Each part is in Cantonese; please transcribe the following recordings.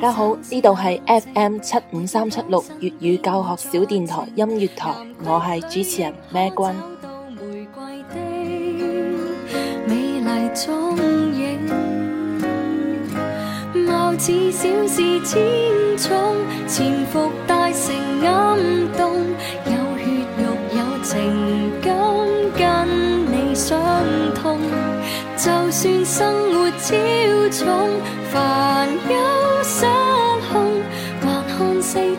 大家好，呢度係 FM 七五三七六粵語教學小電台音樂台，我係主持人咩君。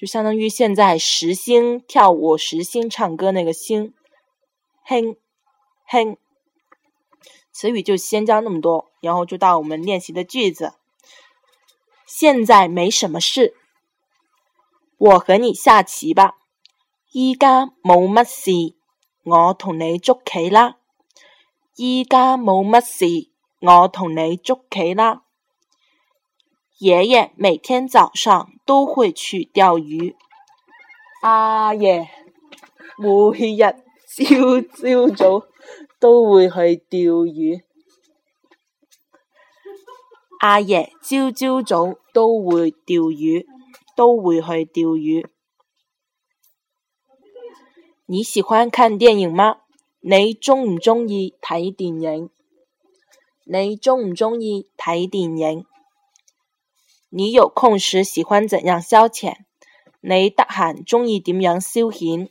就相當於現在時興跳舞、時興唱歌那個興，哼，哼。詞語就先教那麼多，然後就到我們練習的句子。現在沒什麼事，我和你下棋吧。依家冇乜事，我同你捉棋，棋啦。依家冇乜事，我同你捉棋啦。爺爺每天早上都會去釣魚。阿、啊、爺每日朝朝早都會去釣魚。阿爺朝朝早都會釣魚，都會去釣魚。你喜歡看電影嗎？你鍾唔鍾意睇電影？你鍾唔鍾意睇電影？你有空時喜歡怎樣消遣？你得閒鍾意點樣消遣？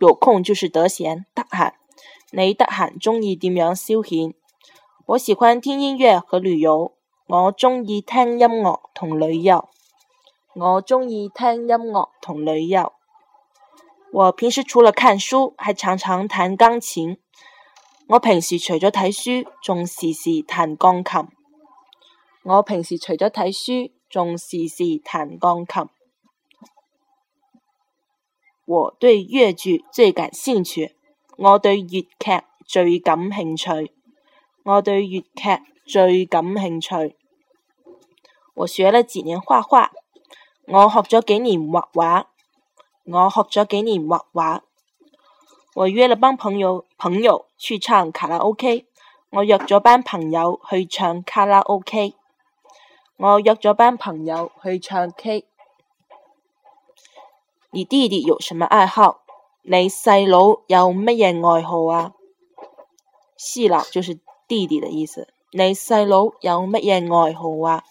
有空就是得閒得閒。你得閒鍾意點樣消遣？我喜歡聽音樂和旅遊。我鍾意聽音樂同旅遊。我鍾意聽音樂同旅遊。我平時除了看書，還常常彈鋼琴。我平時除咗睇書，仲時時彈鋼琴。我平時除咗睇書。仲時時彈鋼琴我對最，我對粵劇最感興趣。我對粵劇最感興趣。我對粵劇最感興趣。我學了幾年畫畫。我學咗幾年畫畫。我學咗幾年畫畫。我約了幫朋友朋友去唱卡拉 OK。我約咗班朋友去唱卡拉 OK。我約咗班朋友去唱 K。你弟弟有什麼愛好？你細佬有乜嘢愛好啊？細佬就是弟弟的意思。你細佬有乜嘢愛好啊？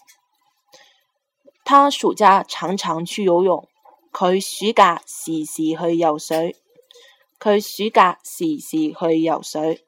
他暑假常常，常去游泳，泳。佢暑假時時去游水。佢暑假時時去游水。他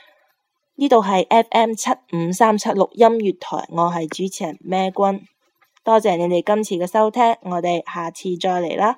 呢度係 FM 七五三七六音樂台，我係主持人咩君，多謝你哋今次嘅收聽，我哋下次再嚟啦。